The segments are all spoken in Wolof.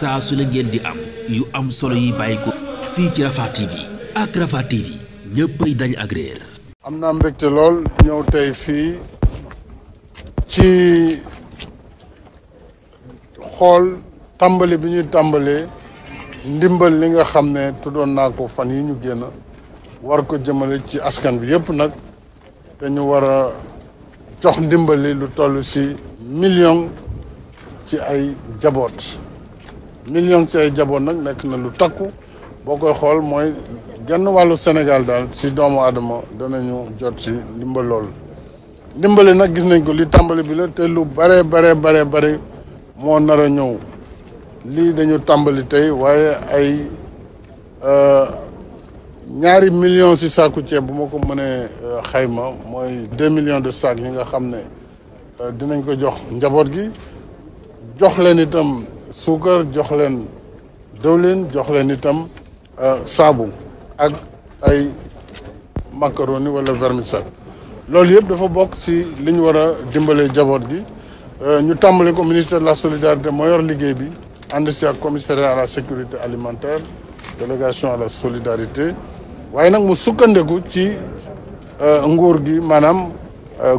saa su ne ngeen di am yu am solo yi bàyyi ko fii ci Rafah TV ak Rafah TV ñëppay dañ ak réer am naa mbégte lool ñëw tey fii ci xool tàmbali bi ñuy tàmbalee ndimbal li nga xam ne tuddoon naa ko fan yi ñu génn war ko jëmale ci askan bi yëpp nag te ñu war jox ndimbali lu toll ci million ci ay jaboot million ci ay jaboon nag nekk na lu takku boo koy xool mooy genn wàllu Sénégal daal si doomu aadama danañu jot si ndimbal loolu ndimbali nag gis nañ ko li tàmbali bi la te lu bare bare bare bare moo nar a ñëw lii dañu tàmbali tey waaye ay euh, ñaari millions si saaku ceeb bu ma ko mënee euh, xayma mooy deux millions de sacs yi nga xam ne euh, dinañ ko jox njaboot gi jox leen itam suukar jox leen dëwlin jox leen itam euh, saabu ak ay macaroni wala vermicelle loolu yëpp dafa bokk ci li ñu war a dimbalee jaboot gi euh, ñu tàmbale ko ministère la solidarité moo yor liggéey bi ànd ci ak commissariat à la sécurité alimentaire délégation à la solidarité waaye nag mu sukkandeku ci euh, nguur gi maanaam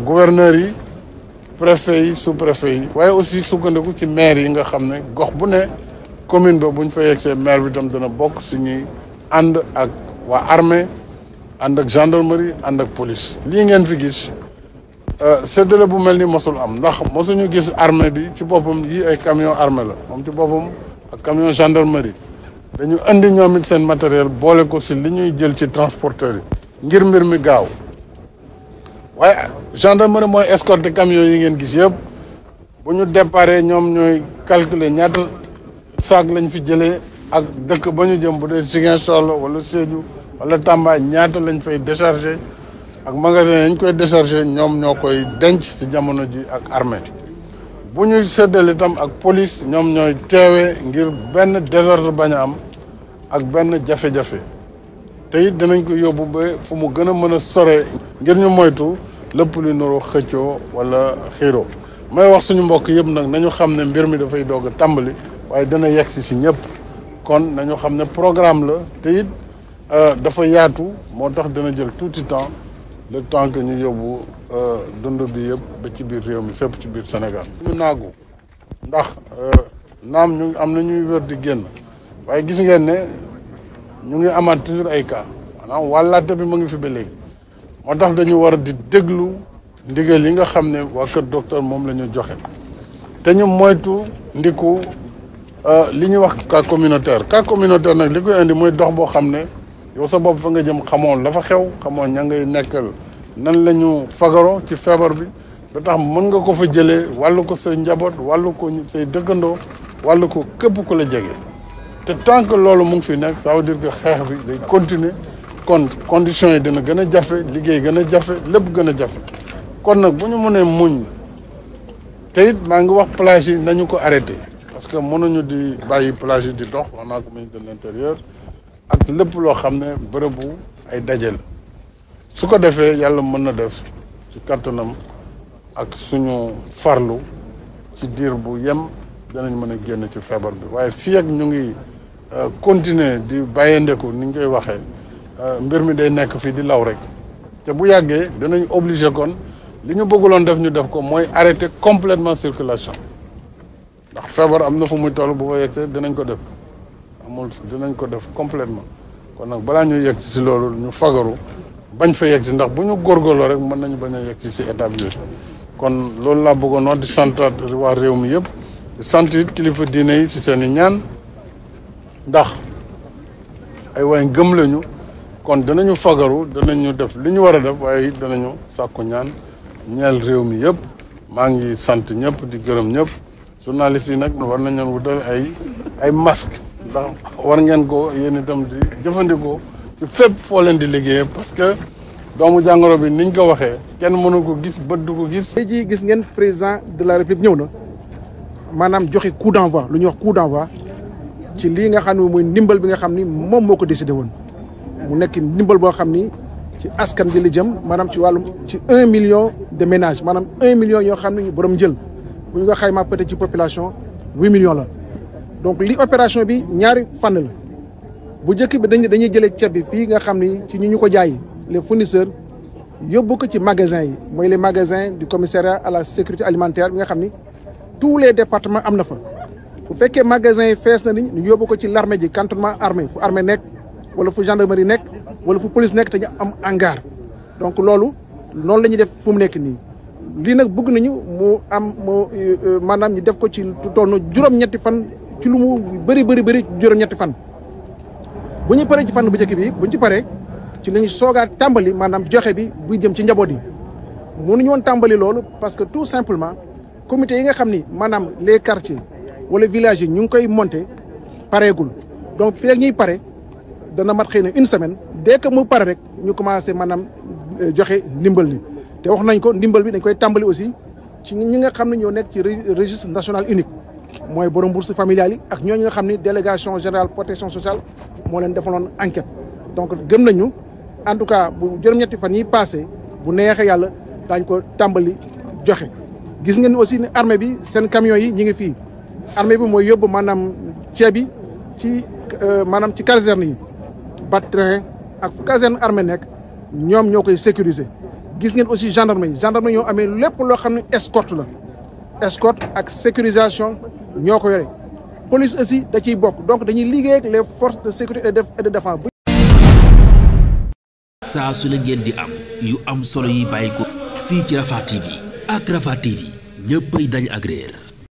gouverneur yi préfet yi sous préfet yi waaye aussi sukkandiku ci maire yi nga xam ne gox bu ne commune ba bu ñu fa yegsee maire bi tam dana bokk suñuy ànd ak waa armée ànd ak gendarmerie ànd ak police lii ngeen fi gis euh, séddale bu mel ni mosul am ndax mosuñu gis armée bi ci boppam yi ay camion armée la moom ci boppam ak camion gendarmerie dañu indi ñoom it seen matériel boole ko si li ñuy jël ci transporteur yi ngir mbir mi gaaw waaye gendarmerie mooy escorte camion yi ngeen gis yëpp bu ñu déparé ñoom ñooy calculer ñaata saak lañ fi jëlee ak dëkk ba ñu jëm bu dee Ziguinchor la wala Sédhiou wala Tamba ñaata lañ fay déchargé ak magasin yañ koy déchargé ñoom ñoo koy denc si jamono ji ak armée bu ñuy séddale itam ak police ñoom ñooy teewee ngir benn désordre bañ a am ak benn jafe-jafe te dinañ ko yóbbu ba fu mu gën a mën a sore ngir ñu moytu lépp lu nuru xëccoo wala xiiroo may wax suñu mbokk yëpp nag nañu xam ne mbir mi dafay doog tàmbali waaye dana yegg si si ñëpp kon nañu xam ne programme la te it euh, dafa yaatu moo tax dana jël tuuti temps le temps que ñu yóbbu euh, dund bi yëpp ba ci biir réew mi fépp ci biir Sénégal. ñu naagu ndax euh, naam ñu am na ñuy wër di génn waaye gis ngeen ne ñu ngi amaat toujours ay cas maanaam wàllaate bi mu ngi fi ba léegi. moo tax dañu war di déglu ndigal yi nga xam ne waa kër docteur moom la ñu joxe te ñu moytu ndiku euh, li ñuy wax cas communautaire cas communautaire nag li koy indi mooy dox boo xam ne yow sa bopp fa nga jëm xamoon la xew xamoon ña ngay nekkal nan lañu ñu fagaro ci feebar bi ba tax mën nga ko fa jëlee wàll ko say njaboot wàllu ko say dëkkandoo wàllu ko képp ku la jege te tant que loolu mu ngi fi nekk ça veut que xeex bi day continuer kon conditions yi dina gën a jafe liggéey gën a jafe lépp gën a jafe kon nag bu ñu mënee muñ te it maa ngi wax plage yi nañu ko arrêté parce que mënuñu di bàyyi plage yi di dox wax naa ko ministre de l'intérieur ak lépp loo xam ne bu ay daje la su ko defee yàlla mën na def ci kattanam ak suñu farlu ci diir bu yem danañ mën a génn ci feebar bi waaye fii ak ñu ngi euh, continuer di bàyyandeku ni ñu koy waxee Euh, mbir mi day nekk fii di law rek te bu yàggee dinañ obligé kon li ñu bëgguloon def ñu def ko mooy arrêter complètement circulation ndax feebar am na fa muy toll bu fa yegsee dinañ ko def amul dinañ ko def completement kon nag balaa ñuy yegg si loolu ñu fagaru bañ fa yegg si ndax bu ñu góor góorgóorloo rek mën nañu bañ a yegg si si état bi kon loolu laa bëggoon wax di sant waa réew mi yëpp di sant kilifa diine yi si seeni ñaan ndax ay waay ngëm lañu. kon danañu fagaru danañu def li ñu war a def waaye danañu sàkku ñaan ñeel réew mi yëpp maa ngi sant ñëpp di gërëm ñëpp journalistes yi nag war nañu wutal ay ay masque ndax war ngeen ko yéen itam di jëfandikoo ci fépp foo leen di liggéeyee parce que doomu jàngoro bi niñ ko waxee kenn mënu ko gis bët du ko gis. tey jii gis ngeen président de la république ñëw na maanaam joxe coup d'envoi lu ñuy wax coup d'envoi ci lii nga xam ne mooy ndimbal bi nga xam ni moom moo ko décidé woon. mu nekk ndimbal boo xam ni ci askan bi la jëm maanaam ci wàllum ci un million de ménages maanaam un million yoo xam ne borom njël bu ñu ko xaymaa peut-être ci population huit millions la. donc li opération bi ñaari fànn la bu njëkk bi dañuy dañuy jëlee ceeb bi fii nga xam ni ci ñu ñu ko jaay les fournisseurs yóbbu ko ci magasin yi mooy les magasin di commissariat à la sécurité alimentaire bi nga xam ni tous les départements am na fa. bu fekkee magasin yi fees na ni ñu yóbbu ko ci l'armée ji cantonnement armée fu armée nekk wala fu gendarmerie nekk wala fu police nekk te ñu am hangar donc loolu noonu la ñuy def fu mu nekk nii lii nag bëgg nañu mu am mu euh, euh, maanaam ñu def ko ci toll juróom-ñetti fan ci lu mu bëri bëri bëri juróom-ñetti fan bu ñu paree ci fan bu njëkk bi bu ñu ci paree ci lañu soogaa tàmbali maanaam joxe bi buy jëm ci njaboot yi mënuñu woon tàmbali loolu parce que tout simplement comité yi nga xam ni maanaam les quartiers wala villages yi ñu ngi koy monter pareegul donc fii rek pare dana mat xëy na une semaine dès que mu pare rek ñu commencé maanaam euh, joxe ndimbal li te wax nañ ko ndimbal bi dañ koy tàmbali aussi ci ñi nga xam ne ñoo nekk ci registre national unique mooy borom bourse familiale yi ak ñooñu nga xam ni délégation générale protection sociale moo leen defaloon enquête donc gëm nañu en tout cas bu juróom fan yi passé bu neexee yàlla daañ ko tàmbali joxe gis ngeen aussi ne armée bi seen camion yi ñi ngi fii armée bi mooy yóbbu maanaam ceeb yi ci euh, maanaam ci caserne yi Battrain ak fu caserne armée nekk ñoom ñoo koy sécuriser gis ngeen aussi gendarme yi gendarme ñoo amee lépp loo xam ne escorte la escorte ak sécurisation ñoo ko yore police aussi da ciy bokk donc dañuy liggéey ak les forces de sécurité de défense. saa su la di am yu am solo yi bàyyi fii ci Rafah TV ak Rafah TV ñëppay